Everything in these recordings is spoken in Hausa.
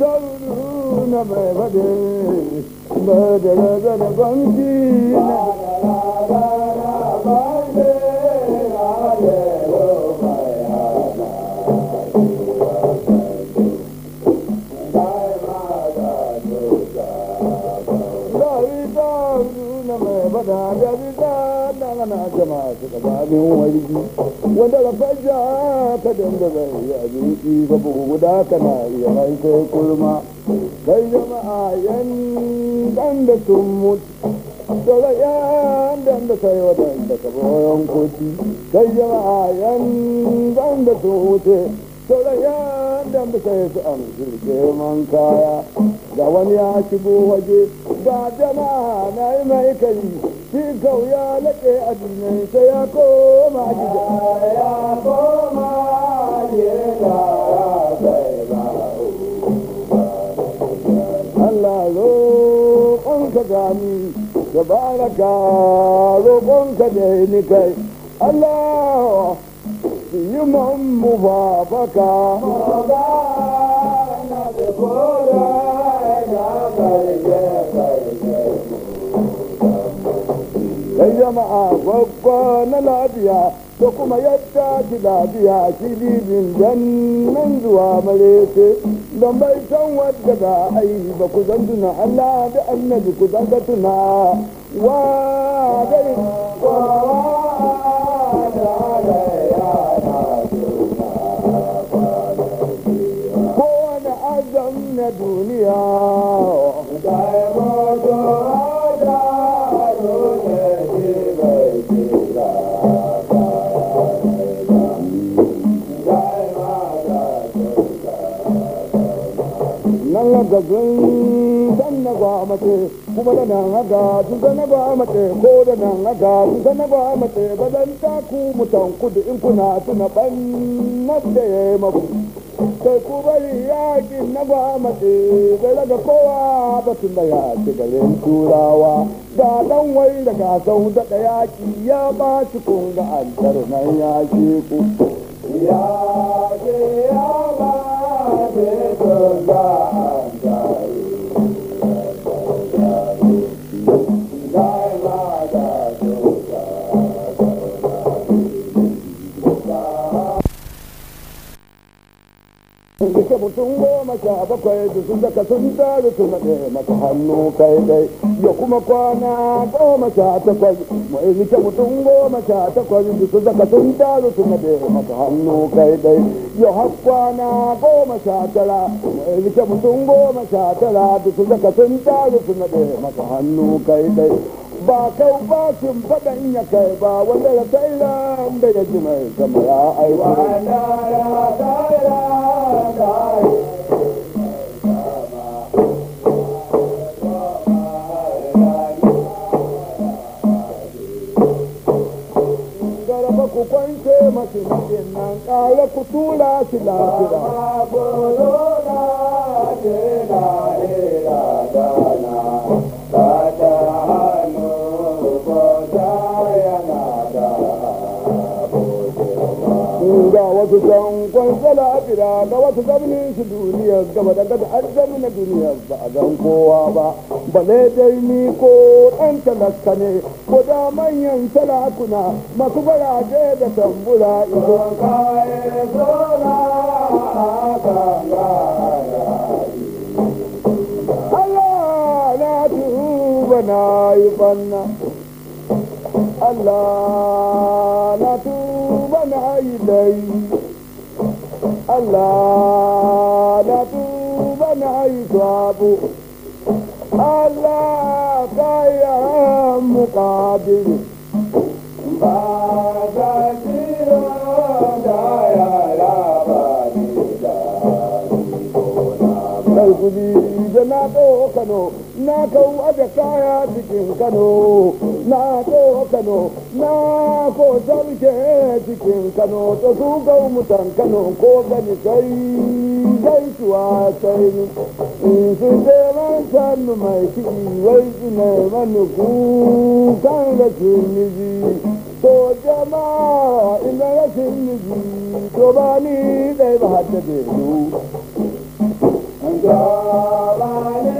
भॼन भॼनी jama'a su gaba min warki wanda ka fajja ka dinga zai abinci ka bugu guda kana iya mai sai kurma kai jama'a yan dan da sun mutu daga yan dan da kai wadanda ka boyon koti kai jama'a yan dan da sun wuce daga yan dan da kai su amshi girman kaya da wani ya shigo waje ba jama'a na yi mai kai shi ya laƙe a dinai sai ya koma gida ya koma gida Allah roƙonka gani da baraka roƙonka da ni kai Allah yi ma'ammu ba baka. Ba na da jama'a babba na lafiya da kuma yadda ki lafiya kilibin jannan zuwa marece don bai san wadda ga ai ba ku zan tuna Allah da annabi ku zan tuna wa gari wa wa duniya gazin dan na gwamace kuma da nan haga duka na gwamace ko da nan haga duka na gwamace ba zan ku mutan kudu in kuna tuna ɓannar da ya yi maku sai ku bari yakin na gwamace bai daga kowa ba tun da ya ci garin turawa da dan wai daga sau da yaki ya ba shi kun ga an nan ya ku ya ke ya rikice mutum goma sha bakwai da sun daga sun hannu kai dai ya kuma kwana goma sha takwas mutum goma sha takwas da sun daga sun hannu kai dai ya har kwana goma sha tara mutum goma sha tara da sun daga sun hannu kai dai ba kau in ya kai ba wanda ya kai da ya ji mai aiki. ku kwance mashi mashin nan ƙara ku tura shi lafiya. Ba bolo da ke da wasu san kwansala a fira ga wasu zamani shi duniya daga da gada an zamana duniya ba a zan kowa ba bale dai ni ko ɗan talaka ne ko da manyan talakuna masu faraje da tambura ido kaye zona Allah na na yi fanna Allah na tuba أحسن عيني الله نتوب حيث أبو الله خير مقابل Oh, no. na kau aje kaya cikin kano na ko kano na ko sarke cikin kano to su mutan kano ko gani sai gaisuwa sai in su ran san mai kiɗi wai ina mani kukan rashin miji to jama'a ina ni ji to ba ni dai ba ba, ne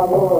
amor.